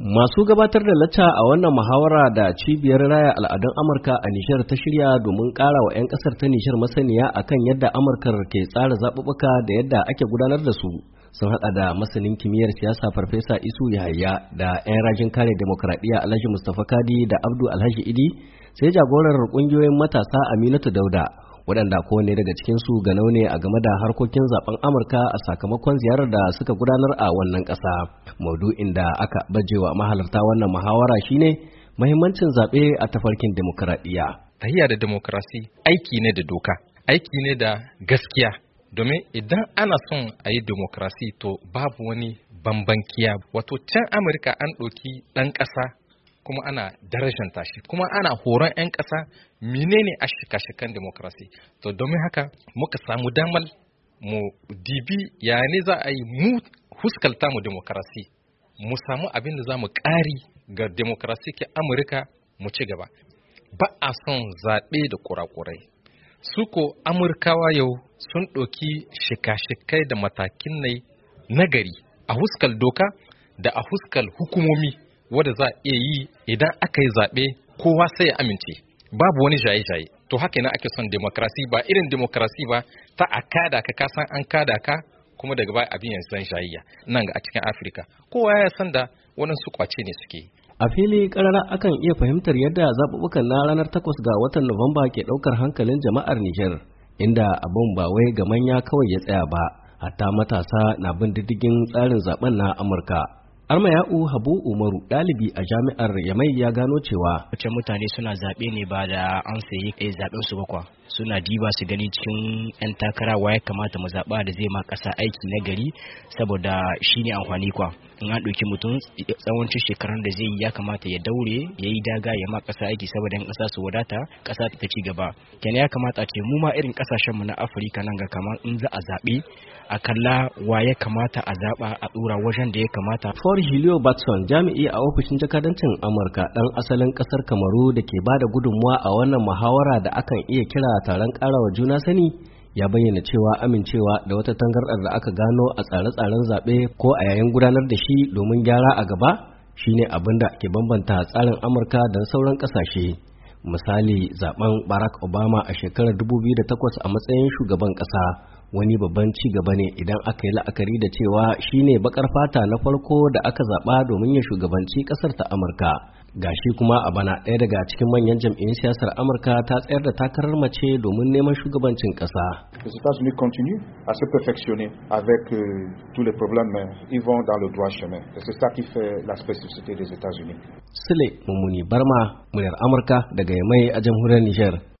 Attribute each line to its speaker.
Speaker 1: Masu gabatar da lacca a wannan muhawara da cibiyar raya al'adun Amurka a Nishar ta shirya domin kara wa 'yan kasar ta Nishar masaniya akan yadda Amurkar ke tsara zaɓuɓɓuka da yadda ake gudanar da su. Sun haɗa da masanin kimiyyar siyasa Farfesa Isu Yahaya da 'yan rajin kare demokradiyya Alhaji Mustapha Kadi da Abdu Alhaji Idi sai jagorar ƙungiyoyin matasa Aminatu Dauda. waɗanda kowane daga cikinsu ganau ne a game da harkokin zaben amurka a sakamakon ziyarar da suka gudanar a wannan ƙasa maudu'in da aka bajewa mahalarta wannan muhawara shine muhimmancin zaɓe a tafarkin demokuraɗiyya
Speaker 2: tahiya da demokrasi aiki ne da doka aiki ne da gaskiya domin idan ana son a yi demokrasi to babu wani bambankiya wato can amurka an ɗauki ɗan ƙasa kuma ana darajanta shi kuma ana horon 'yan ƙasa menene a shika-shikan demokrasi to domin haka muka samu damar mu dibi ya ne za a yi mu huskalta mu demokrasi mu samu abin da za mu ƙari ga demokrasi ke amurka mu ci gaba ba a son zaɓe da kurakurai su ko amurkawa yau sun ɗoki shika-shikai da matakin nai nagari a huskal doka da a huskal hukumomi wadda za a iya yi idan aka yi zaɓe kowa sai ya amince babu wani jaye-jaye to haka ina ake son demokrasi ba irin demokrasi ba ta a kada ka kasan an kada ka kuma daga baya abin yanzu zan jayayya nan ga a cikin afirka kowa ya san da wani su kwace ne suke
Speaker 1: a fili karara akan iya fahimtar yadda zaɓuɓɓukan na ranar takwas ga watan nuwamba ke ɗaukar hankalin jama'ar nijar inda abin ba wai ga manya kawai ya tsaya ba hatta matasa na bin diddigin tsarin zaben na amurka Armayau Habu Umaru ɗalibi a jami'ar Yamai ya gano cewa
Speaker 3: wace mutane suna zaɓe ne ba da an sayi eh, zaɓen su ba kwa. suna diba su gani cikin 'yan takara wa ya kamata mu zaba da zai ma kasa aiki na gari saboda shi ne amfani kwa in an ɗauki mutum tsawancin shekarun da zai yi ya kamata ya daure ya yi daga ya ma kasa aiki saboda yan ƙasa su wadata kasa ta ci gaba kenan ya kamata ce mu ma irin ƙasashen mu na afirka nan ga kamar in za a zaɓe a kalla wa kamata a zaɓa a ɗora wajen da ya kamata. For
Speaker 1: julio Batson jami'i a ofishin jakadancin Amurka ɗan asalin ƙasar Kamaru da ke ba da gudunmuwa a wannan muhawara da akan iya kira taron karawa juna sani ya bayyana cewa amincewa da wata tangarɗar da aka gano a tsare-tsaren zaɓe ko a yayin gudanar da shi domin gyara a gaba shine abin da ke bambanta tsarin amurka da sauran ƙasashe misali zaben barack obama a shekarar 2008 a matsayin shugaban ƙasa wani babban ci gaba ne idan aka yi la'akari da cewa shine bakar fata na farko da aka zaɓa domin ya shugabanci ƙasar ta amurka gashi kuma a bana ɗaya daga cikin manyan jam'iyyar siyasar amurka ta tsayar da takarar mace domin neman shugabancin ƙasa
Speaker 2: sile euh, euh, mummuni barma muryar amurka daga yamai a jamhuriyar niger